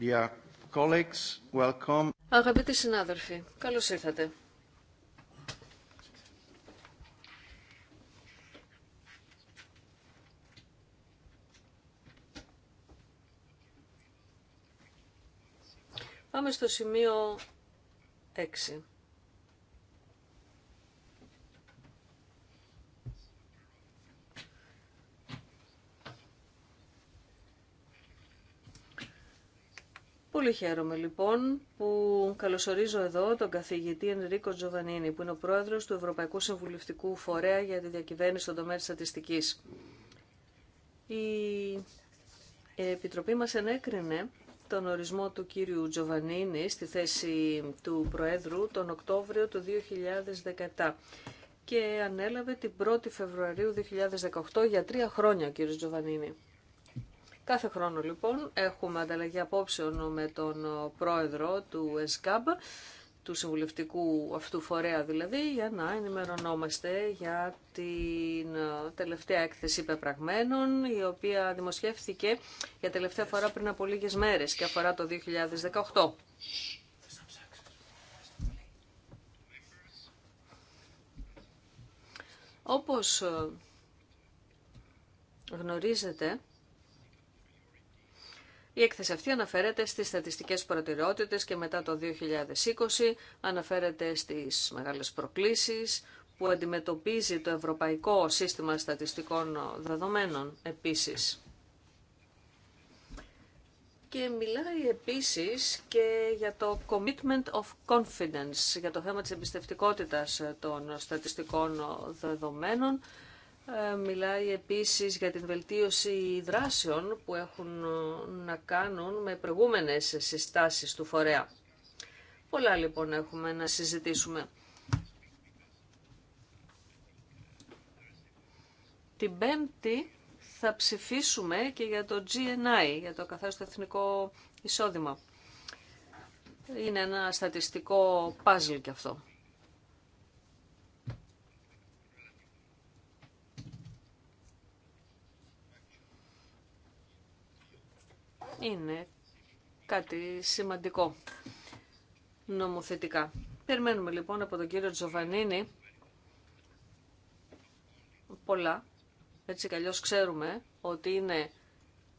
Dear colleagues, welcome. Αγαπητοί συνάδελφοι, καλώς ήρθατε. Πάμε στο σημείο 6. Πολύ χαίρομαι λοιπόν που καλωσορίζω εδώ τον καθηγητή Ενρίκο Τζοβανίνη, που είναι ο πρόεδρος του Ευρωπαϊκού Συμβουλευτικού Φορέα για τη Διακυβέρνηση στον τομέα της στατιστικής. Η Επιτροπή μας ενέκρινε τον ορισμό του κύριου Τζοβανίνη στη θέση του Προέδρου τον Οκτώβριο του 2017 και ανέλαβε την 1η Φεβρουαρίου 2018 για τρία χρόνια ο κύριος Τζοβανίνη. Κάθε χρόνο λοιπόν έχουμε ανταλλαγή απόψεων με τον ε, πρόεδρο του ΕΣΚΑΜ, του συμβουλευτικού αυτού φορέα δηλαδή, για να ενημερωνόμαστε για την ε, τελευταία έκθεση πεπραγμένων, η οποία δημοσιεύθηκε για τελευταία φορά πριν από λίγες μέρες και αφορά το 2018. Όπως ε, γνωρίζετε, η έκθεση αυτή αναφέρεται στις στατιστικές προτεραιότητες και μετά το 2020 αναφέρεται στις μεγάλες προκλήσεις που αντιμετωπίζει το Ευρωπαϊκό Σύστημα Στατιστικών Δεδομένων επίσης. Και μιλάει επίσης και για το commitment of confidence, για το θέμα της εμπιστευτικότητας των στατιστικών δεδομένων ε, μιλάει επίσης για την βελτίωση δράσεων που έχουν ε, να κάνουν με προηγούμενες συστάσεις του φορέα. Πολλά λοιπόν έχουμε να συζητήσουμε. Την Πέμπτη θα ψηφίσουμε και για το GNI, για το καθάριστο εθνικό εισόδημα. Είναι ένα στατιστικό παζλ και αυτό. είναι κάτι σημαντικό νομοθετικά. Περιμένουμε λοιπόν από τον κύριο Τζοβανίνη πολλά. Έτσι κι ξέρουμε ότι είναι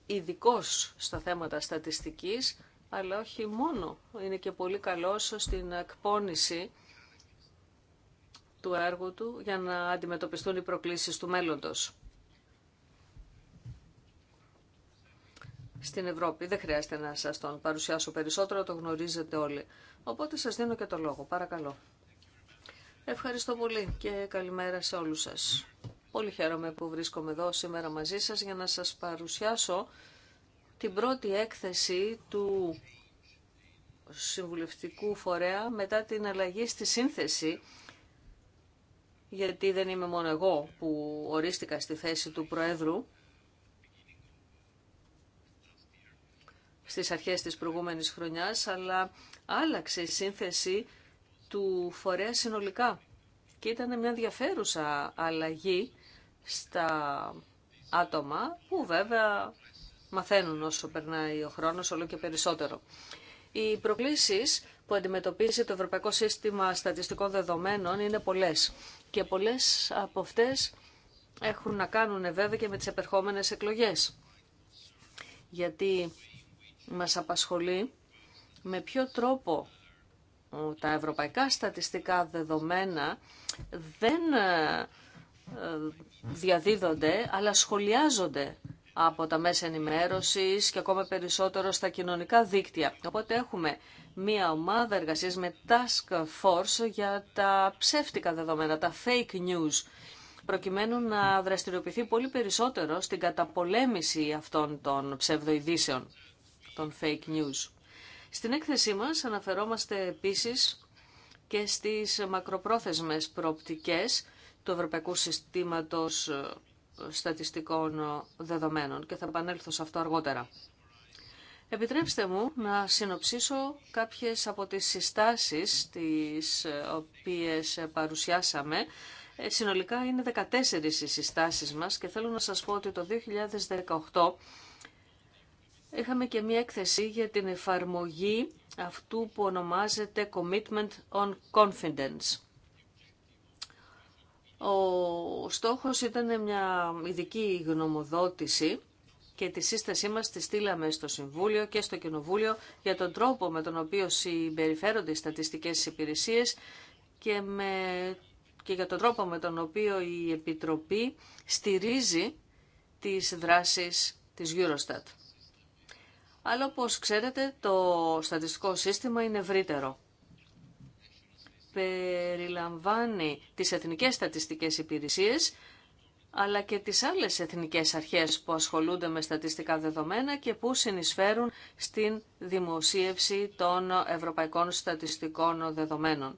ειδικό στα θέματα στατιστικής, αλλά όχι μόνο. Είναι και πολύ καλός στην εκπόνηση του έργου του για να αντιμετωπιστούν οι προκλήσεις του μέλλοντος. στην Ευρώπη. Δεν χρειάζεται να σας τον παρουσιάσω περισσότερο, το γνωρίζετε όλοι. Οπότε σας δίνω και το λόγο. Παρακαλώ. Ευχαριστώ πολύ και καλημέρα σε όλους σας. Πολύ χαίρομαι που βρίσκομαι εδώ σήμερα μαζί σας για να σας παρουσιάσω την πρώτη έκθεση του Συμβουλευτικού Φορέα μετά την αλλαγή στη σύνθεση γιατί δεν είμαι μόνο εγώ που ορίστηκα στη θέση του Προέδρου στις αρχές της προηγούμενης χρονιάς, αλλά άλλαξε η σύνθεση του φορέα συνολικά. Και ήταν μια ενδιαφέρουσα αλλαγή στα άτομα που βέβαια μαθαίνουν όσο περνάει ο χρόνος όλο και περισσότερο. Οι προκλήσεις που αντιμετωπίζει το Ευρωπαϊκό Σύστημα Στατιστικών Δεδομένων είναι πολλές και πολλές από αυτές έχουν να κάνουν βέβαια και με τις επερχόμενες εκλογές. Γιατί μας απασχολεί με ποιο τρόπο τα ευρωπαϊκά στατιστικά δεδομένα δεν ε, ε, διαδίδονται, αλλά σχολιάζονται από τα μέσα ενημέρωσης και ακόμα περισσότερο στα κοινωνικά δίκτυα. Οπότε έχουμε μία ομάδα εργασίας με task force για τα ψεύτικα δεδομένα, τα fake news, προκειμένου να δραστηριοποιηθεί πολύ περισσότερο στην καταπολέμηση αυτών των ψευδοειδήσεων fake news. Στην έκθεσή μας αναφερόμαστε επίσης και στις μακροπρόθεσμες προοπτικές του Ευρωπαϊκού Συστήματος ε, Στατιστικών ε, Δεδομένων και θα επανέλθω σε αυτό αργότερα. Επιτρέψτε μου να συνοψίσω κάποιες από τις συστάσεις τις ε, οποίες παρουσιάσαμε. Συνολικά είναι 14 οι συστάσεις μας και θέλω να σας πω ότι το 2018 είχαμε και μία έκθεση για την εφαρμογή αυτού που ονομάζεται Commitment on Confidence. Ο στόχος ήταν μια ειδική γνωμοδότηση και τη σύστασή μας τη στείλαμε στο Συμβούλιο και στο Κοινοβούλιο για τον τρόπο με τον οποίο συμπεριφέρονται οι στατιστικές υπηρεσίες και, με... και για τον τρόπο με τον οποίο η Επιτροπή στηρίζει τις δράσεις της Eurostat αλλά όπως ξέρετε το στατιστικό σύστημα είναι ευρύτερο. Περιλαμβάνει τις εθνικές στατιστικές υπηρεσίες, αλλά και τις άλλες εθνικές αρχές που ασχολούνται με στατιστικά δεδομένα και που συνεισφέρουν στην δημοσίευση των ευρωπαϊκών στατιστικών δεδομένων.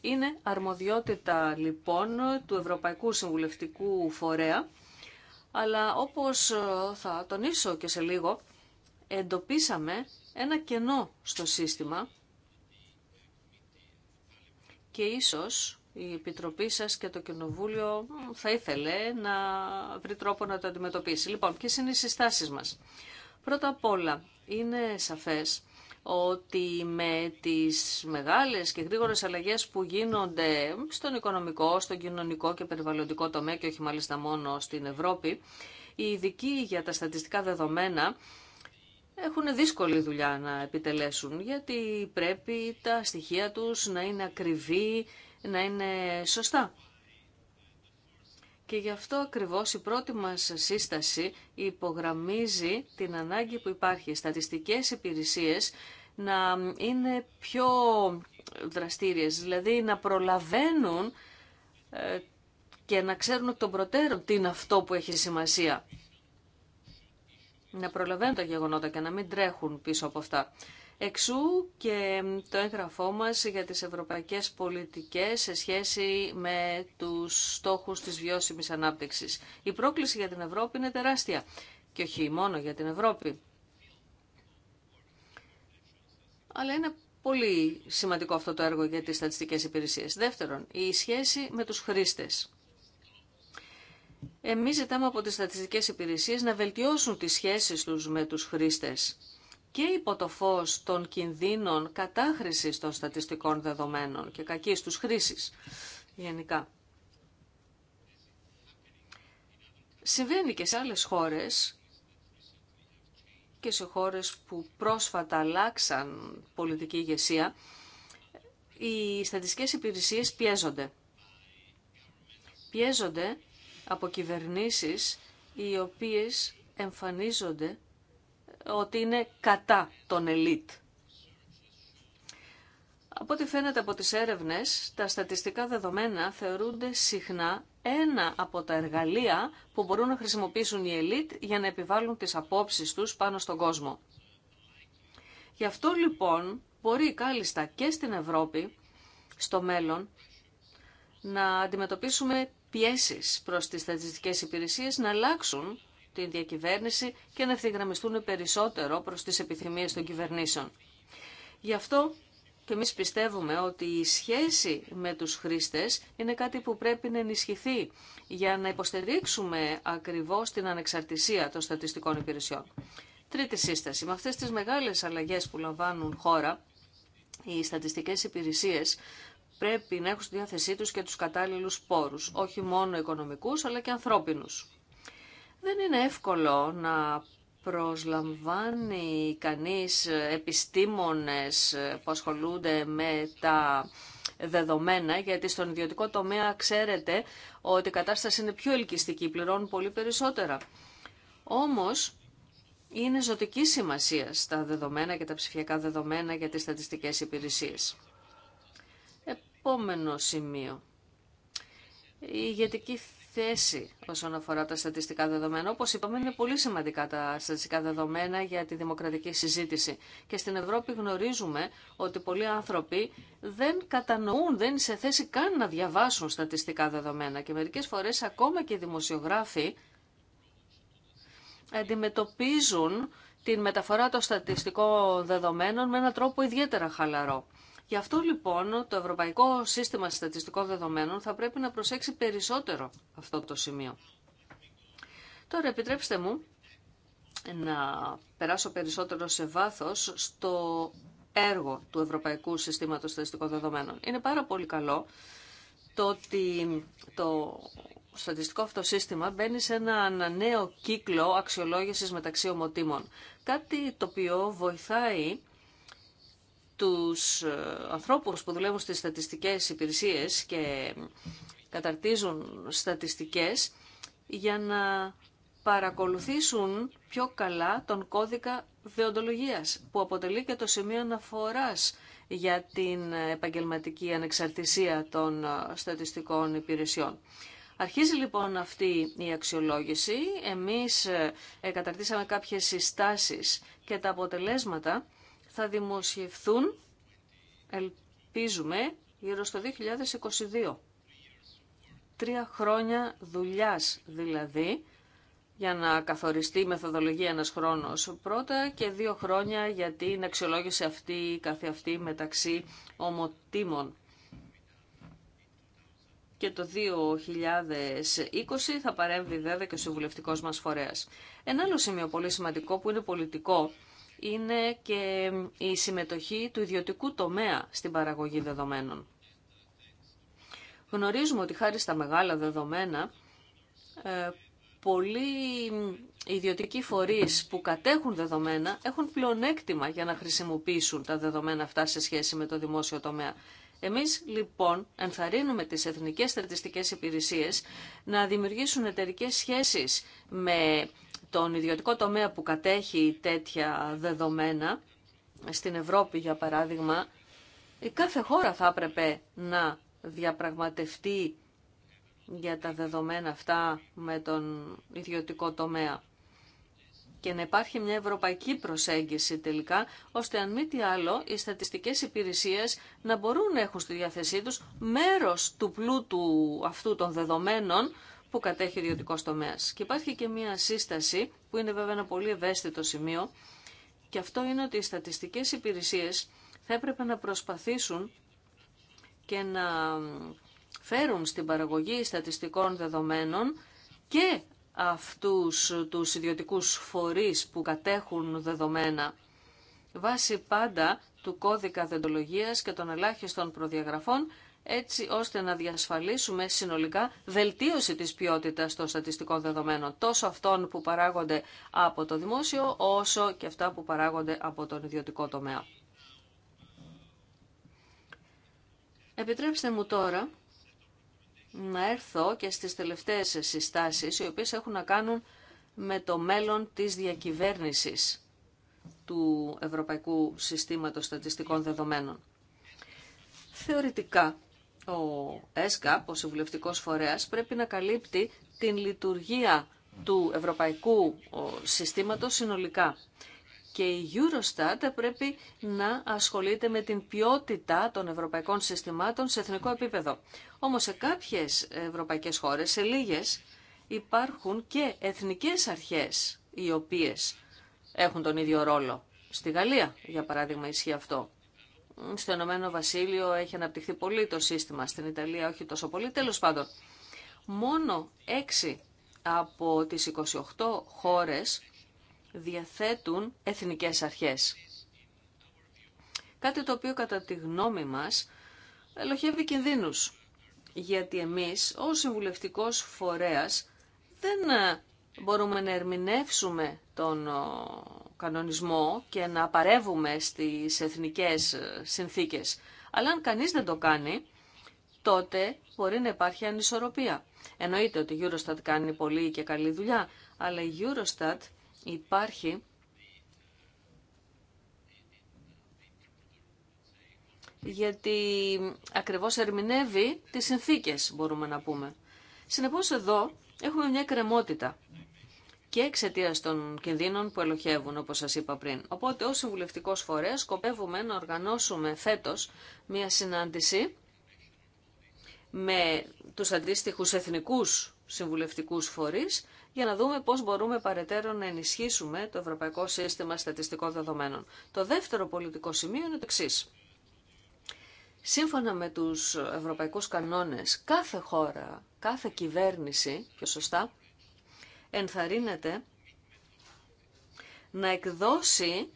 Είναι αρμοδιότητα λοιπόν του Ευρωπαϊκού Συμβουλευτικού Φορέα, αλλά όπως θα τονίσω και σε λίγο, εντοπίσαμε ένα κενό στο σύστημα και ίσως η Επιτροπή σας και το Κοινοβούλιο θα ήθελε να βρει τρόπο να το αντιμετωπίσει. Λοιπόν, ποιες είναι οι συστάσεις μας. Πρώτα απ' όλα, είναι σαφές ότι με τις μεγάλες και γρήγορες αλλαγές που γίνονται στον οικονομικό, στον κοινωνικό και περιβαλλοντικό τομέα και όχι μάλιστα μόνο στην Ευρώπη, οι ειδικοί για τα στατιστικά δεδομένα έχουν δύσκολη δουλειά να επιτελέσουν, γιατί πρέπει τα στοιχεία τους να είναι ακριβή, να είναι σωστά. Και γι' αυτό ακριβώς η πρώτη μας σύσταση υπογραμμίζει την ανάγκη που υπάρχει στατιστικές υπηρεσίες να είναι πιο δραστήριες, δηλαδή να προλαβαίνουν ε, και να ξέρουν εκ των προτέρων τι είναι αυτό που έχει σημασία να προλαβαίνουν τα γεγονότα και να μην τρέχουν πίσω από αυτά. Εξού και το έγγραφό μας για τις ευρωπαϊκές πολιτικές σε σχέση με τους στόχους της βιώσιμης ανάπτυξης. Η πρόκληση για την Ευρώπη είναι τεράστια και όχι μόνο για την Ευρώπη. Αλλά είναι πολύ σημαντικό αυτό το έργο για τις στατιστικές υπηρεσίες. Δεύτερον, η σχέση με τους χρήστες. Εμείς ζητάμε από τις στατιστικές υπηρεσίες να βελτιώσουν τις σχέσεις τους με τους χρήστες και υπό το φως των κινδύνων κατάχρησης των στατιστικών δεδομένων και κακής τους χρήσης γενικά. Συμβαίνει και σε άλλες χώρες και σε χώρες που πρόσφατα αλλάξαν πολιτική ηγεσία, οι στατιστικές υπηρεσίες πιέζονται. Πιέζονται από κυβερνήσεις οι οποίες εμφανίζονται ότι είναι κατά τον ελίτ. Από ό,τι φαίνεται από τις έρευνες, τα στατιστικά δεδομένα θεωρούνται συχνά ένα από τα εργαλεία που μπορούν να χρησιμοποιήσουν οι ελίτ για να επιβάλλουν τις απόψεις τους πάνω στον κόσμο. Γι' αυτό λοιπόν μπορεί κάλλιστα και στην Ευρώπη, στο μέλλον, να αντιμετωπίσουμε πιέσεις προς τις στατιστικές υπηρεσίες να αλλάξουν την διακυβέρνηση και να ευθυγραμμιστούν περισσότερο προς τις επιθυμίες των κυβερνήσεων. Γι' αυτό και εμείς πιστεύουμε ότι η σχέση με τους χρήστες είναι κάτι που πρέπει να ενισχυθεί για να υποστηρίξουμε ακριβώς την ανεξαρτησία των στατιστικών υπηρεσιών. Τρίτη σύσταση. Με αυτές τις μεγάλες αλλαγές που λαμβάνουν χώρα, οι στατιστικές υπηρεσίες πρέπει να έχουν στη διάθεσή τους και τους κατάλληλους πόρους, όχι μόνο οικονομικούς αλλά και ανθρώπινους. Δεν είναι εύκολο να προσλαμβάνει κανείς επιστήμονες που ασχολούνται με τα δεδομένα, γιατί στον ιδιωτικό τομέα ξέρετε ότι η κατάσταση είναι πιο ελκυστική, πληρώνουν πολύ περισσότερα. Όμως, είναι ζωτική σημασία στα δεδομένα και τα ψηφιακά δεδομένα για τις στατιστικές υπηρεσίες επόμενο σημείο. Η ηγετική θέση όσον αφορά τα στατιστικά δεδομένα. Όπως είπαμε, είναι πολύ σημαντικά τα στατιστικά δεδομένα για τη δημοκρατική συζήτηση. Και στην Ευρώπη γνωρίζουμε ότι πολλοί άνθρωποι δεν κατανοούν, δεν είναι σε θέση καν να διαβάσουν στατιστικά δεδομένα. Και μερικές φορές ακόμα και οι δημοσιογράφοι αντιμετωπίζουν την μεταφορά των στατιστικών δεδομένων με έναν τρόπο ιδιαίτερα χαλαρό. Γι' αυτό λοιπόν το Ευρωπαϊκό Σύστημα Στατιστικών Δεδομένων θα πρέπει να προσέξει περισσότερο αυτό το σημείο. Τώρα επιτρέψτε μου να περάσω περισσότερο σε βάθος στο έργο του Ευρωπαϊκού Συστήματος Στατιστικών Δεδομένων. Είναι πάρα πολύ καλό το ότι το στατιστικό αυτό σύστημα μπαίνει σε ένα νέο κύκλο αξιολόγησης μεταξύ ομοτήμων. Κάτι το οποίο βοηθάει τους ε, ανθρώπους που δουλεύουν στις στατιστικές υπηρεσίες και καταρτίζουν στατιστικές για να παρακολουθήσουν πιο καλά τον κώδικα δεοντολογίας που αποτελεί και το σημείο αναφοράς για την επαγγελματική ανεξαρτησία των ε, στατιστικών υπηρεσιών. Αρχίζει λοιπόν αυτή η αξιολόγηση. Εμείς ε, καταρτήσαμε κάποιες συστάσεις και τα αποτελέσματα θα δημοσιευθούν, ελπίζουμε, γύρω στο 2022. Τρία χρόνια δουλειάς δηλαδή, για να καθοριστεί η μεθοδολογία ένας χρόνος πρώτα και δύο χρόνια για την αξιολόγηση αυτή καθε αυτή μεταξύ ομοτήμων. Και το 2020 θα παρέμβει βέβαια και ο συμβουλευτικός μας φορέας. Ένα άλλο σημείο πολύ σημαντικό που είναι πολιτικό είναι και η συμμετοχή του ιδιωτικού τομέα στην παραγωγή δεδομένων. Γνωρίζουμε ότι χάρη στα μεγάλα δεδομένα, ε, πολλοί ιδιωτικοί φορείς που κατέχουν δεδομένα έχουν πλεονέκτημα για να χρησιμοποιήσουν τα δεδομένα αυτά σε σχέση με το δημόσιο τομέα. Εμείς λοιπόν ενθαρρύνουμε τις Εθνικές στρατιστικές Υπηρεσίες να δημιουργήσουν εταιρικές σχέσεις με τον ιδιωτικό τομέα που κατέχει τέτοια δεδομένα, στην Ευρώπη για παράδειγμα, η κάθε χώρα θα έπρεπε να διαπραγματευτεί για τα δεδομένα αυτά με τον ιδιωτικό τομέα και να υπάρχει μια ευρωπαϊκή προσέγγιση τελικά, ώστε αν μη τι άλλο οι στατιστικές υπηρεσίες να μπορούν να έχουν στη διάθεσή τους μέρος του πλούτου αυτού των δεδομένων που κατέχει ο ιδιωτικό τομέα. Και υπάρχει και μία σύσταση, που είναι βέβαια ένα πολύ ευαίσθητο σημείο, και αυτό είναι ότι οι στατιστικέ υπηρεσίε θα έπρεπε να προσπαθήσουν και να φέρουν στην παραγωγή στατιστικών δεδομένων και αυτούς τους ιδιωτικούς φορείς που κατέχουν δεδομένα βάσει πάντα του κώδικα δεντολογίας και των ελάχιστων προδιαγραφών έτσι ώστε να διασφαλίσουμε συνολικά βελτίωση της ποιότητας των στατιστικών δεδομένων, τόσο αυτών που παράγονται από το δημόσιο, όσο και αυτά που παράγονται από τον ιδιωτικό τομέα. Επιτρέψτε μου τώρα να έρθω και στις τελευταίες συστάσεις, οι οποίες έχουν να κάνουν με το μέλλον της διακυβέρνησης του Ευρωπαϊκού Συστήματος Στατιστικών Δεδομένων. Θεωρητικά, ο ΕΣΚΑΠ, ο συμβουλευτικό Φορέας, πρέπει να καλύπτει την λειτουργία του ευρωπαϊκού συστήματος συνολικά. Και η Eurostat πρέπει να ασχολείται με την ποιότητα των ευρωπαϊκών συστημάτων σε εθνικό επίπεδο. Όμως σε κάποιες ευρωπαϊκές χώρες, σε λίγες, υπάρχουν και εθνικές αρχές οι οποίες έχουν τον ίδιο ρόλο. Στη Γαλλία, για παράδειγμα, ισχύει αυτό στο Ηνωμένο Βασίλειο έχει αναπτυχθεί πολύ το σύστημα, στην Ιταλία όχι τόσο πολύ. τέλο πάντων, μόνο 6 από τις 28 χώρες διαθέτουν εθνικές αρχές. Κάτι το οποίο κατά τη γνώμη μας ελοχεύει κινδύνους, γιατί εμείς ως συμβουλευτικός φορέας δεν ε, μπορούμε να ερμηνεύσουμε τον κανονισμό και να παρεύουμε στις εθνικές συνθήκες. Αλλά αν κανείς δεν το κάνει, τότε μπορεί να υπάρχει ανισορροπία. Εννοείται ότι η Eurostat κάνει πολύ και καλή δουλειά, αλλά η Eurostat υπάρχει γιατί ακριβώς ερμηνεύει τις συνθήκες, μπορούμε να πούμε. Συνεπώς εδώ έχουμε μια κρεμότητα και εξαιτία των κινδύνων που ελοχεύουν, όπως σας είπα πριν. Οπότε, ω συμβουλευτικό φορέα, σκοπεύουμε να οργανώσουμε φέτος μια συνάντηση με τους αντίστοιχού εθνικούς συμβουλευτικούς φορείς για να δούμε πώς μπορούμε παρετέρω να ενισχύσουμε το Ευρωπαϊκό Σύστημα Στατιστικών Δεδομένων. Το δεύτερο πολιτικό σημείο είναι το εξή. Σύμφωνα με τους ευρωπαϊκούς κανόνες, κάθε χώρα, κάθε κυβέρνηση, πιο σωστά, ενθαρρύνεται να εκδώσει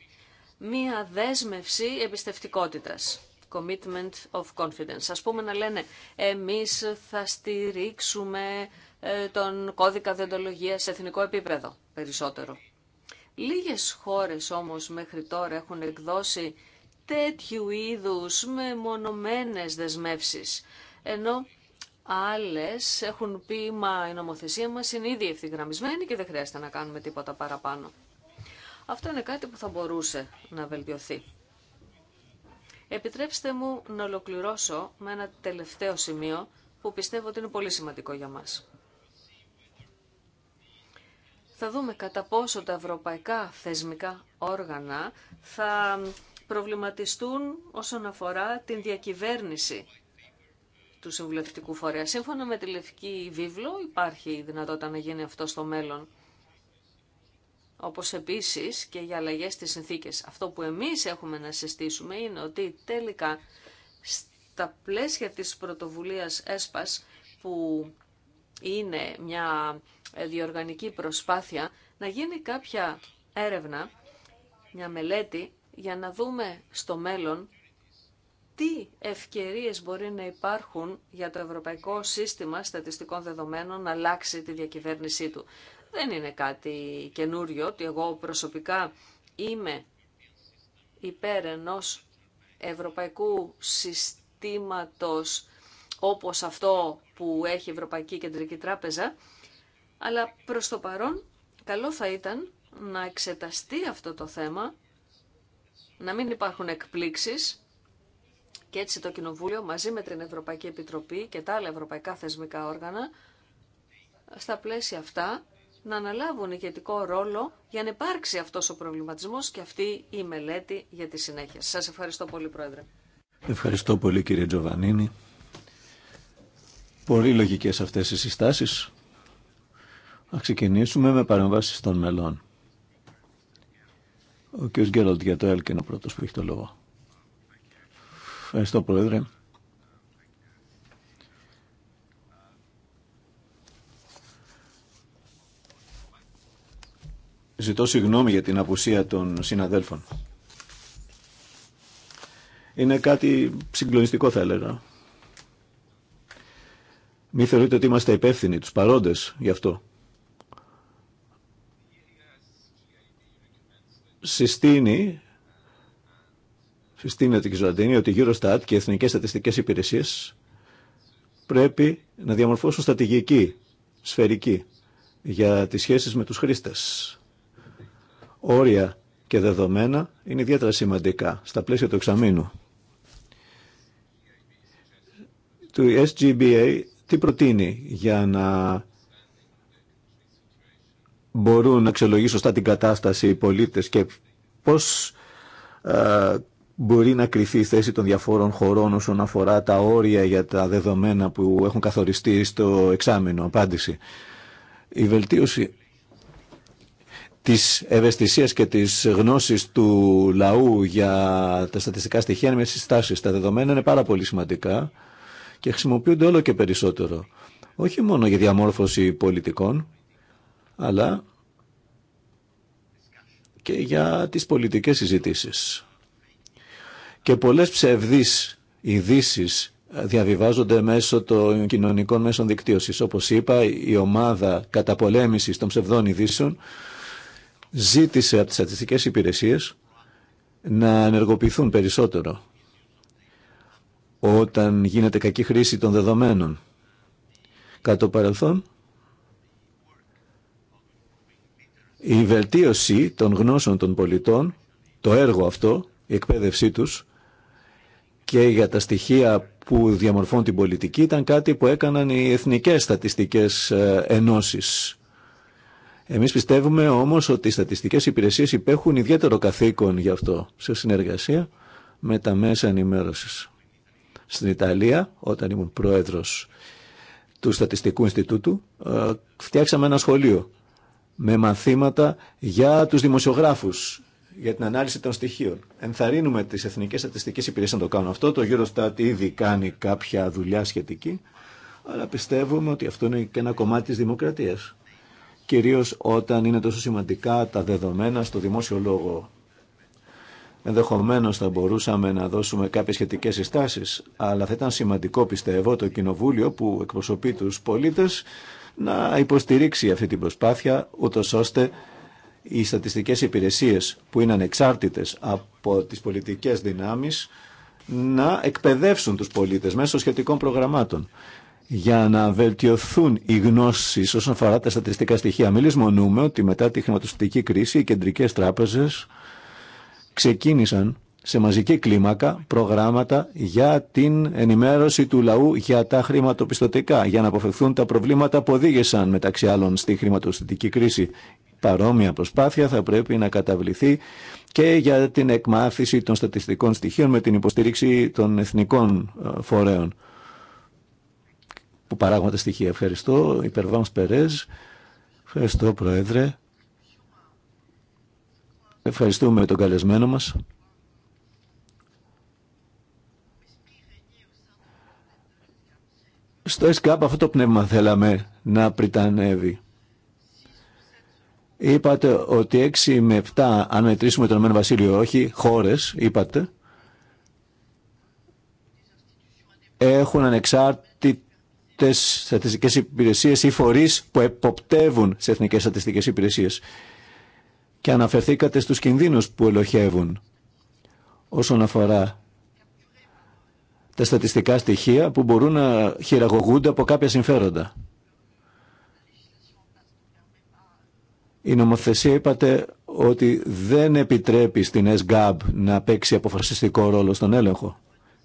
μία δέσμευση εμπιστευτικότητας. Commitment of confidence. Ας πούμε να λένε εμείς θα στηρίξουμε ε, τον κώδικα διοντολογίας σε εθνικό επίπεδο περισσότερο. Λίγες χώρες όμως μέχρι τώρα έχουν εκδώσει τέτοιου είδους με μονομένες δεσμεύσεις. Ενώ Άλλε έχουν πει μα η νομοθεσία μας είναι ήδη ευθυγραμμισμένη και δεν χρειάζεται να κάνουμε τίποτα παραπάνω. Αυτό είναι κάτι που θα μπορούσε να βελτιωθεί. Επιτρέψτε μου να ολοκληρώσω με ένα τελευταίο σημείο που πιστεύω ότι είναι πολύ σημαντικό για μας. Θα δούμε κατά πόσο τα ευρωπαϊκά θεσμικά όργανα θα προβληματιστούν όσον αφορά την διακυβέρνηση του Συμβουλευτικού Φορέα. Σύμφωνα με τη Λευκή Βίβλο υπάρχει η δυνατότητα να γίνει αυτό στο μέλλον. Όπως επίσης και για αλλαγέ στις συνθήκες. Αυτό που εμείς έχουμε να συστήσουμε είναι ότι τελικά στα πλαίσια της πρωτοβουλίας ΕΣΠΑΣ που είναι μια διοργανική προσπάθεια να γίνει κάποια έρευνα, μια μελέτη για να δούμε στο μέλλον τι ευκαιρίες μπορεί να υπάρχουν για το Ευρωπαϊκό Σύστημα Στατιστικών Δεδομένων να αλλάξει τη διακυβέρνησή του. Δεν είναι κάτι καινούριο ότι εγώ προσωπικά είμαι υπέρ ενός ευρωπαϊκού συστήματος όπως αυτό που έχει η Ευρωπαϊκή Κεντρική Τράπεζα, αλλά προς το παρόν καλό θα ήταν να εξεταστεί αυτό το θέμα, να μην υπάρχουν εκπλήξεις και έτσι το Κοινοβούλιο μαζί με την Ευρωπαϊκή Επιτροπή και τα άλλα ευρωπαϊκά θεσμικά όργανα στα πλαίσια αυτά να αναλάβουν ηγετικό ρόλο για να υπάρξει αυτός ο προβληματισμός και αυτή η μελέτη για τη συνέχεια. Σας ευχαριστώ πολύ Πρόεδρε. Ευχαριστώ πολύ κύριε Τζοβανίνη. Πολύ λογικές αυτές οι συστάσεις. Να ξεκινήσουμε με παρεμβάσεις των μελών. Ο κ. Γκέροντ για το ΕΛΚ ο πρώτος που έχει το λόγο. Ευχαριστώ, Πρόεδρε. Ζητώ συγγνώμη για την απουσία των συναδέλφων. Είναι κάτι συγκλονιστικό θα έλεγα. Μην θεωρείτε ότι είμαστε υπεύθυνοι, τους παρόντες γι' αυτό. Συστήνει στην και ζωντανή ότι η Eurostat και οι Εθνικές Στατιστικές Υπηρεσίες πρέπει να διαμορφώσουν στρατηγική, σφαιρική, για τις σχέσεις με τους χρήστες. Όρια και δεδομένα είναι ιδιαίτερα σημαντικά στα πλαίσια του εξαμήνου. Του SGBA τι προτείνει για να μπορούν να αξιολογήσουν σωστά την κατάσταση οι πολίτες και πώς ε, μπορεί να κρυθεί η θέση των διαφόρων χωρών όσον αφορά τα όρια για τα δεδομένα που έχουν καθοριστεί στο εξάμεινο. Απάντηση. Η βελτίωση της ευαισθησίας και της γνώσης του λαού για τα στατιστικά στοιχεία είναι με συστάσεις. Τα δεδομένα είναι πάρα πολύ σημαντικά και χρησιμοποιούνται όλο και περισσότερο. Όχι μόνο για διαμόρφωση πολιτικών, αλλά και για τις πολιτικές συζητήσεις και πολλές ψευδείς ειδήσει ε, διαβιβάζονται μέσω των κοινωνικών μέσων δικτύωσης. Όπως είπα, η ομάδα καταπολέμησης των ψευδών ειδήσεων ζήτησε από τις στατιστικές υπηρεσίες να ενεργοποιηθούν περισσότερο όταν γίνεται κακή χρήση των δεδομένων. Κατά παρελθόν, η βελτίωση των γνώσεων των πολιτών, το έργο αυτό, η εκπαίδευσή τους, και για τα στοιχεία που διαμορφώνουν την πολιτική ήταν κάτι που έκαναν οι εθνικές στατιστικές ε, ενώσεις. Εμείς πιστεύουμε όμως ότι οι στατιστικές υπηρεσίες υπέχουν ιδιαίτερο καθήκον γι' αυτό σε συνεργασία με τα μέσα ενημέρωσης. Στην Ιταλία, όταν ήμουν πρόεδρος του Στατιστικού Ινστιτούτου, ε, φτιάξαμε ένα σχολείο με μαθήματα για τους δημοσιογράφους για την ανάλυση των στοιχείων. Ενθαρρύνουμε τι εθνικέ Στατιστικές υπηρεσίε να το κάνουν αυτό. Το Eurostat ήδη κάνει κάποια δουλειά σχετική, αλλά πιστεύουμε ότι αυτό είναι και ένα κομμάτι τη δημοκρατία. Κυρίω όταν είναι τόσο σημαντικά τα δεδομένα στο δημόσιο λόγο. Ενδεχομένω θα μπορούσαμε να δώσουμε κάποιε σχετικέ συστάσει, αλλά θα ήταν σημαντικό πιστεύω το Κοινοβούλιο που εκπροσωπεί του πολίτε να υποστηρίξει αυτή την προσπάθεια, ούτω ώστε οι στατιστικές υπηρεσίες που είναι ανεξάρτητες από τις πολιτικές δυνάμεις να εκπαιδεύσουν τους πολίτες μέσω σχετικών προγραμμάτων για να βελτιωθούν οι γνώσει όσον αφορά τα στατιστικά στοιχεία. Μην ότι μετά τη χρηματοστατική κρίση οι κεντρικές τράπεζες ξεκίνησαν σε μαζική κλίμακα προγράμματα για την ενημέρωση του λαού για τα χρηματοπιστωτικά, για να αποφευθούν τα προβλήματα που οδήγησαν μεταξύ άλλων στη χρηματοπιστωτική κρίση. Παρόμοια προσπάθεια θα πρέπει να καταβληθεί και για την εκμάθηση των στατιστικών στοιχείων με την υποστήριξη των εθνικών ε, φορέων που παράγουν τα στοιχεία. Ευχαριστώ. Υπερβάμς Περέζ. Ευχαριστώ Πρόεδρε. Ευχαριστούμε τον καλεσμένο μας. Στο ΕΣΚΑΠ αυτό το πνεύμα θέλαμε να πριτανεύει. Είπατε ότι 6 με 7, αν μετρήσουμε τον μεν Βασίλειο, όχι, χώρες, είπατε, έχουν ανεξάρτητες στατιστικές υπηρεσίες ή φορείς που εποπτεύουν σε εθνικές στατιστικές υπηρεσίες. Και αναφερθήκατε στους κινδύνους που ελοχεύουν όσον αφορά τα στατιστικά στοιχεία που μπορούν να χειραγωγούνται από κάποια συμφέροντα. Η νομοθεσία είπατε ότι δεν επιτρέπει στην ΕΣΓΑΜ να παίξει αποφασιστικό ρόλο στον έλεγχο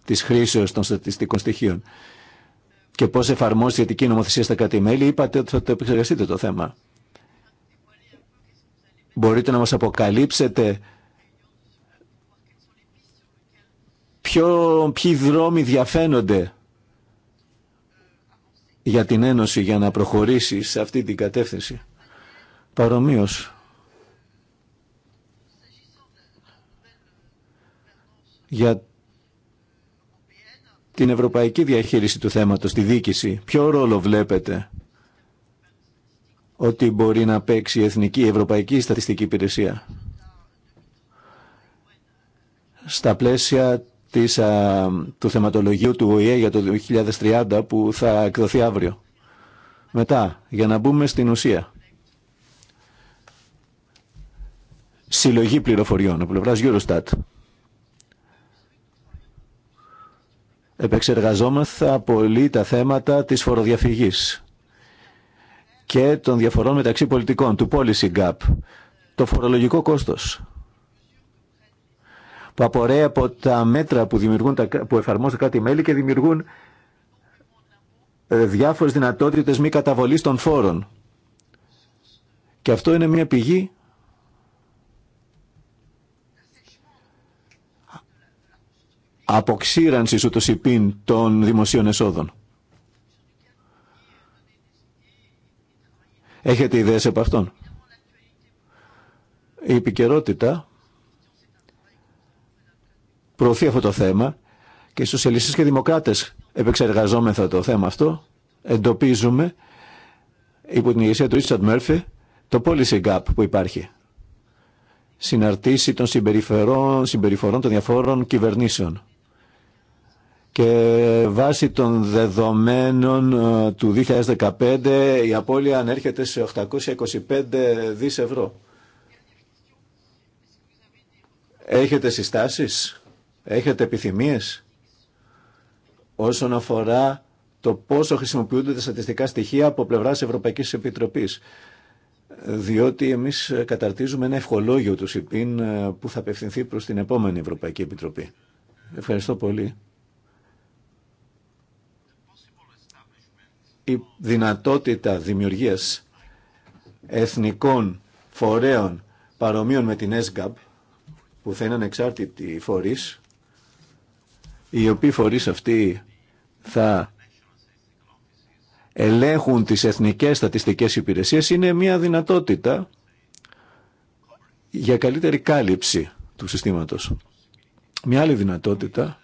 της χρήσεως των στατιστικών στοιχείων και πώς εφαρμόζει η ειδική νομοθεσία στα κράτη-μέλη, είπατε ότι θα το επεξεργαστείτε το θέμα. Μπορείτε να μας αποκαλύψετε ποιο, ποιοι δρόμοι διαφαίνονται για την Ένωση για να προχωρήσει σε αυτή την κατεύθυνση. Παρομοίως. Για την ευρωπαϊκή διαχείριση του θέματος, τη δίκηση, ποιο ρόλο βλέπετε ότι μπορεί να παίξει η Εθνική Ευρωπαϊκή Στατιστική Υπηρεσία στα πλαίσια της, α, του θεματολογίου του ΟΗΕ για το 2030 που θα εκδοθεί αύριο. Μετά, για να μπούμε στην ουσία. Συλλογή πληροφοριών από πλευράς Eurostat. Επεξεργαζόμαθα πολύ τα θέματα της φοροδιαφυγής και των διαφορών μεταξύ πολιτικών, του policy gap, το φορολογικό κόστος που απορρέει από τα μέτρα που, δημιουργούν, που εφαρμόζουν κάτι μέλη και δημιουργούν ε, διάφορες δυνατότητες μη καταβολής των φόρων. Και αυτό είναι μια πηγή αποξήρανσης το υπήν των δημοσίων εσόδων. Έχετε ιδέες από αυτόν. Η επικαιρότητα προωθεί αυτό το θέμα και οι σοσιαλιστές και οι δημοκράτες επεξεργαζόμεθα το θέμα αυτό, εντοπίζουμε υπό την ηγεσία του Ρίτσαρντ Μέρφυ το policy gap που υπάρχει. Συναρτήσει των συμπεριφορών, συμπεριφορών των διαφόρων κυβερνήσεων. Και βάσει των δεδομένων ε, του 2015 η απώλεια ανέρχεται σε 825 δις ευρώ. Έχετε συστάσεις Έχετε επιθυμίες όσον αφορά το πόσο χρησιμοποιούνται τα στατιστικά στοιχεία από πλευρά Ευρωπαϊκή Επιτροπή. Διότι εμεί καταρτίζουμε ένα ευχολόγιο του ΣΥΠΗΝ ε, που θα απευθυνθεί προς την επόμενη Ευρωπαϊκή Επιτροπή. Ευχαριστώ πολύ. Η δυνατότητα δημιουργίας εθνικών φορέων παρομοίων με την ΕΣΓΑΠ, που θα είναι ανεξάρτητοι φορείς, οι οποίοι φορείς αυτοί θα ελέγχουν τις εθνικές στατιστικές υπηρεσίες είναι μια δυνατότητα για καλύτερη κάλυψη του συστήματος. Μια άλλη δυνατότητα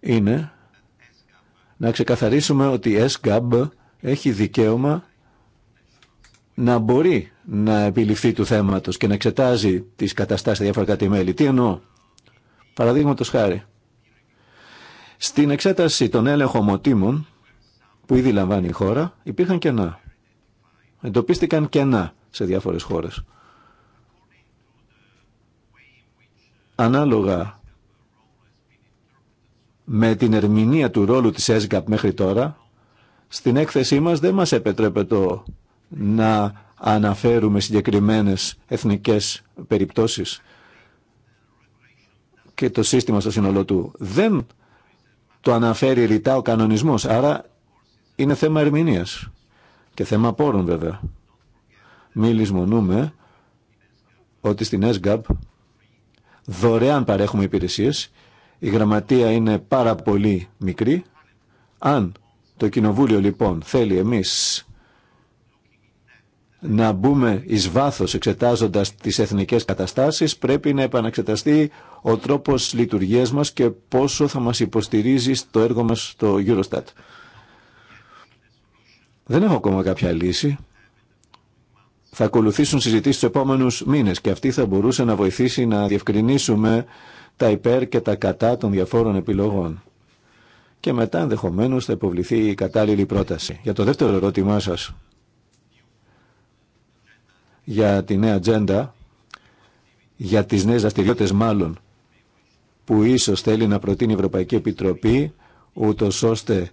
είναι να ξεκαθαρίσουμε ότι η SGAB έχει δικαίωμα να μπορεί να επιληφθεί του θέματος και να εξετάζει τις καταστάσεις στα διάφορα κατημέλη. Τι εννοώ. Παραδείγματο χάρη, στην εξέταση των έλεγχων μοτίμων που ήδη λαμβάνει η χώρα υπήρχαν κενά. Εντοπίστηκαν κενά σε διάφορες χώρες. Ανάλογα με την ερμηνεία του ρόλου της ΕΣΓΑΠ μέχρι τώρα, στην έκθεσή μας δεν μας επιτρέπεται να αναφέρουμε συγκεκριμένες εθνικές περιπτώσεις και το σύστημα στο σύνολό του. Δεν το αναφέρει ρητά ο κανονισμός, άρα είναι θέμα ερμηνείας και θέμα πόρων βέβαια. Μη λησμονούμε ότι στην ΕΣΓΑΠ δωρεάν παρέχουμε υπηρεσίες, η γραμματεία είναι πάρα πολύ μικρή. Αν το Κοινοβούλιο λοιπόν θέλει εμείς να μπούμε εις βάθος εξετάζοντας τις εθνικές καταστάσεις πρέπει να επαναξεταστεί ο τρόπος λειτουργίας μας και πόσο θα μας υποστηρίζει το έργο μας στο Eurostat. Δεν έχω ακόμα κάποια λύση. Θα ακολουθήσουν συζητήσεις στους επόμενους μήνες και αυτή θα μπορούσε να βοηθήσει να διευκρινίσουμε τα υπέρ και τα κατά των διαφόρων επιλογών. Και μετά ενδεχομένω θα υποβληθεί η κατάλληλη πρόταση. Για το δεύτερο ερώτημά σας για τη νέα ατζέντα, για τις νέες δραστηριότητε μάλλον, που ίσως θέλει να προτείνει η Ευρωπαϊκή Επιτροπή, ούτω ώστε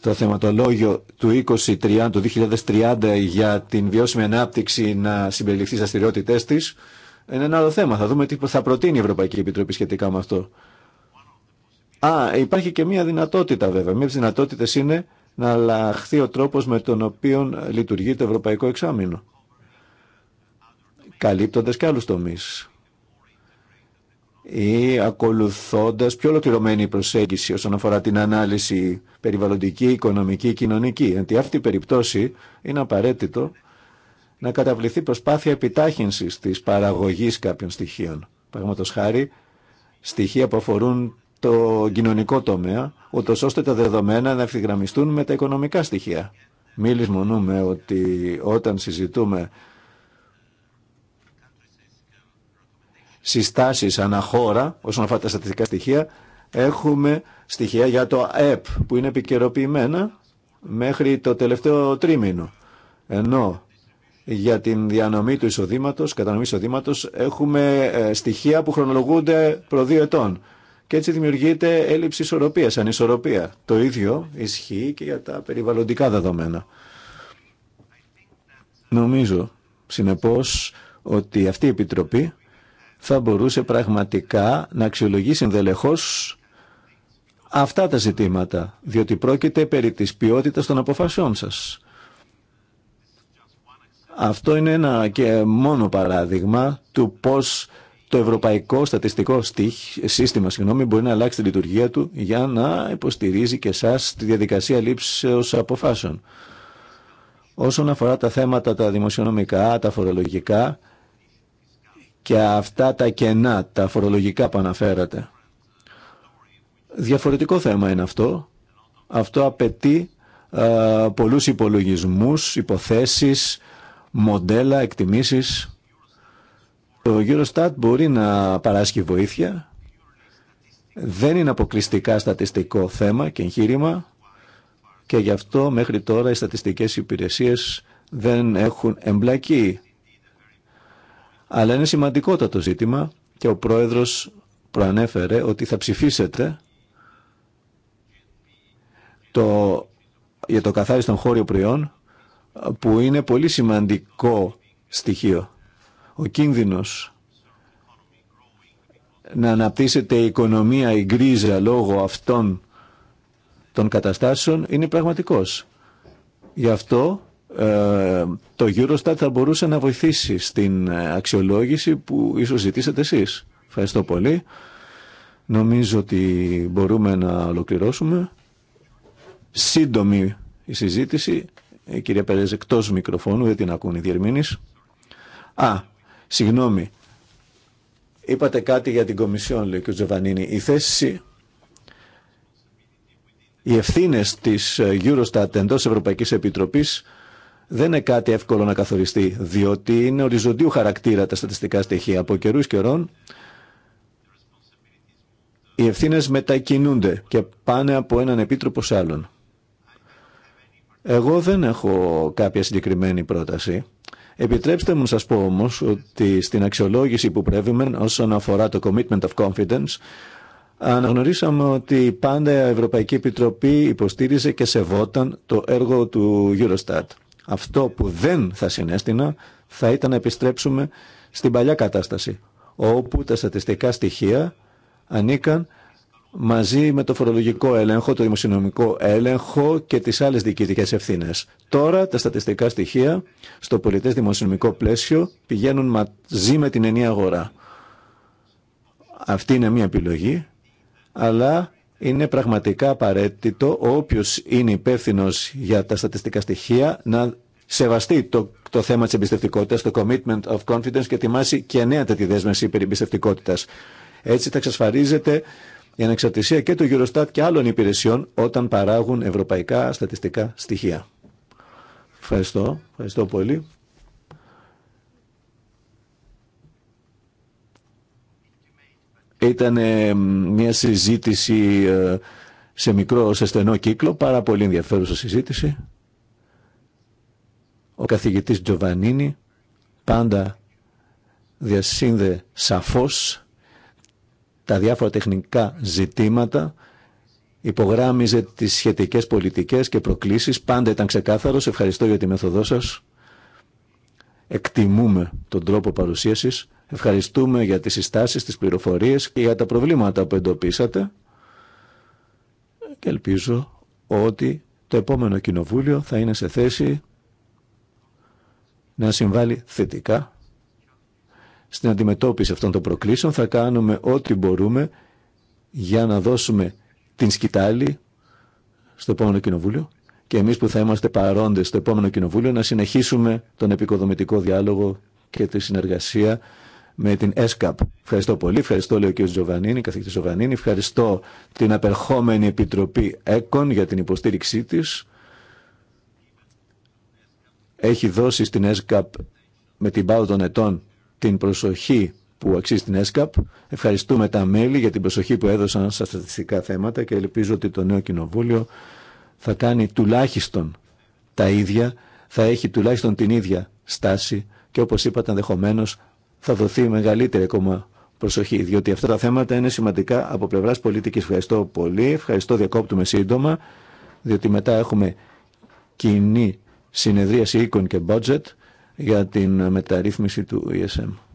το θεματολόγιο του 2030, του 2030 για την βιώσιμη ανάπτυξη να συμπεριληφθεί στις δραστηριότητε της, είναι ένα άλλο θέμα. Θα δούμε τι θα προτείνει η Ευρωπαϊκή Επιτροπή σχετικά με αυτό. Α, υπάρχει και μία δυνατότητα βέβαια. Μία από τι δυνατότητε είναι να αλλάχθεί ο τρόπος με τον οποίο λειτουργεί το Ευρωπαϊκό Εξάμεινο καλύπτοντας και άλλους τομείς ή ακολουθώντας πιο ολοκληρωμένη προσέγγιση όσον αφορά την ανάλυση περιβαλλοντική, οικονομική, κοινωνική. Εν αυτή η περιπτώση είναι απαραίτητο να καταβληθεί προσπάθεια επιτάχυνσης της παραγωγής κάποιων στοιχείων. Παραδείγματο χάρη, στοιχεία που αφορούν το κοινωνικό τομέα, ούτω ώστε τα δεδομένα να ευθυγραμμιστούν με τα οικονομικά στοιχεία. Μη ότι όταν συζητούμε συστάσεις αναχώρα όσον αφορά τα στατιστικά στοιχεία έχουμε στοιχεία για το ΑΕΠ που είναι επικαιροποιημένα μέχρι το τελευταίο τρίμηνο. Ενώ για την διανομή του εισοδήματος, κατανομή εισοδήματος, έχουμε ε, στοιχεία που χρονολογούνται προ δύο ετών. Και έτσι δημιουργείται έλλειψη ισορροπίας, ανισορροπία. Το ίδιο ισχύει και για τα περιβαλλοντικά δεδομένα. Νομίζω, συνεπώς, ότι αυτή η Επιτροπή θα μπορούσε πραγματικά να αξιολογήσει ενδελεχώς αυτά τα ζητήματα, διότι πρόκειται περί της ποιότητας των αποφασιών σας. Αυτό είναι ένα και μόνο παράδειγμα του πώς το ευρωπαϊκό στατιστικό σύστημα συγγνώμη, μπορεί να αλλάξει τη λειτουργία του για να υποστηρίζει και εσά τη διαδικασία ως αποφάσεων. Όσον αφορά τα θέματα τα δημοσιονομικά, τα φορολογικά, και αυτά τα κενά, τα φορολογικά που αναφέρατε. Διαφορετικό θέμα είναι αυτό. Αυτό απαιτεί πολλούς υπολογισμούς, υποθέσεις, μοντέλα, εκτιμήσεις. Το Eurostat μπορεί να παράσχει βοήθεια. Δεν είναι αποκλειστικά στατιστικό θέμα και εγχείρημα και γι' αυτό μέχρι τώρα οι στατιστικές υπηρεσίες δεν έχουν εμπλακεί αλλά είναι σημαντικότατο ζήτημα και ο Πρόεδρος προανέφερε ότι θα ψηφίσετε το, για το καθάριστο χώριο προϊόν που είναι πολύ σημαντικό στοιχείο. Ο κίνδυνος να αναπτύσσεται η οικονομία η γκρίζα λόγω αυτών των καταστάσεων είναι πραγματικός. Γι' αυτό ε, το Eurostat θα μπορούσε να βοηθήσει στην ε, αξιολόγηση που ίσως ζητήσετε εσείς. Ευχαριστώ πολύ. Νομίζω ότι μπορούμε να ολοκληρώσουμε. Σύντομη η συζήτηση. Ε, η κυρία Περέζε, εκτό μικροφώνου, δεν την ακούν οι διερμήνεις. Α, συγγνώμη. Είπατε κάτι για την Κομισιόν, λέει και ο Τζοβανίνη. Η θέση, οι ευθύνε της Eurostat εντός Ευρωπαϊκής Επιτροπής δεν είναι κάτι εύκολο να καθοριστεί, διότι είναι οριζοντίου χαρακτήρα τα στατιστικά στοιχεία. Από καιρού καιρών οι ευθύνε μετακινούνται και πάνε από έναν επίτροπο σε άλλον. Εγώ δεν έχω κάποια συγκεκριμένη πρόταση. Επιτρέψτε μου να σας πω όμως ότι στην αξιολόγηση που πρέπει, όσον αφορά το Commitment of Confidence αναγνωρίσαμε ότι πάντα η Ευρωπαϊκή Επιτροπή υποστήριζε και σεβόταν το έργο του Eurostat. Αυτό που δεν θα συνέστηνα θα ήταν να επιστρέψουμε στην παλιά κατάσταση, όπου τα στατιστικά στοιχεία ανήκαν μαζί με το φορολογικό έλεγχο, το δημοσιονομικό έλεγχο και τις άλλες διοικητικές ευθύνες. Τώρα τα στατιστικά στοιχεία στο πολιτές δημοσιονομικό πλαίσιο πηγαίνουν μαζί με την ενία αγορά. Αυτή είναι μια επιλογή, αλλά είναι πραγματικά απαραίτητο όποιο είναι υπεύθυνο για τα στατιστικά στοιχεία να σεβαστεί το, το θέμα της εμπιστευτικότητα, το commitment of confidence και ετοιμάσει και νέα τέτοια δέσμευση περί εμπιστευτικότητα. Έτσι θα εξασφαλίζεται η ανεξαρτησία και του Eurostat και άλλων υπηρεσιών όταν παράγουν ευρωπαϊκά στατιστικά στοιχεία. Ευχαριστώ. Ευχαριστώ πολύ. Ήταν μια συζήτηση ε, σε μικρό, σε στενό κύκλο, πάρα πολύ ενδιαφέρουσα συζήτηση. Ο καθηγητής Τζοβανίνη πάντα διασύνδε σαφώς τα διάφορα τεχνικά ζητήματα, υπογράμμιζε τις σχετικές πολιτικές και προκλήσεις, πάντα ήταν ξεκάθαρος, ευχαριστώ για τη μεθοδό σας. Εκτιμούμε τον τρόπο παρουσίασης Ευχαριστούμε για τις συστάσεις, τις πληροφορίες και για τα προβλήματα που εντοπίσατε και ελπίζω ότι το επόμενο κοινοβούλιο θα είναι σε θέση να συμβάλλει θετικά στην αντιμετώπιση αυτών των προκλήσεων. Θα κάνουμε ό,τι μπορούμε για να δώσουμε την σκητάλη στο επόμενο κοινοβούλιο και εμείς που θα είμαστε παρόντες στο επόμενο κοινοβούλιο να συνεχίσουμε τον επικοδομητικό διάλογο και τη συνεργασία με την ΕΣΚΑΠ. Ευχαριστώ πολύ. Ευχαριστώ, λέει ο κ. Ζωβανίνη, καθηγητή Τζοβανίνη. Ευχαριστώ την απερχόμενη Επιτροπή ΕΚΟΝ για την υποστήριξή τη. Έχει δώσει στην ΕΣΚΑΠ με την πάρο των ετών την προσοχή που αξίζει την ΕΣΚΑΠ. Ευχαριστούμε τα μέλη για την προσοχή που έδωσαν στα στατιστικά θέματα και ελπίζω ότι το νέο κοινοβούλιο θα κάνει τουλάχιστον τα ίδια, θα έχει τουλάχιστον την ίδια στάση και όπως είπατε ενδεχομένω θα δοθεί μεγαλύτερη ακόμα προσοχή, διότι αυτά τα θέματα είναι σημαντικά από πλευρά πολιτική. Ευχαριστώ πολύ. Ευχαριστώ. Διακόπτουμε σύντομα, διότι μετά έχουμε κοινή συνεδρίαση οίκων και budget για την μεταρρύθμιση του ESM.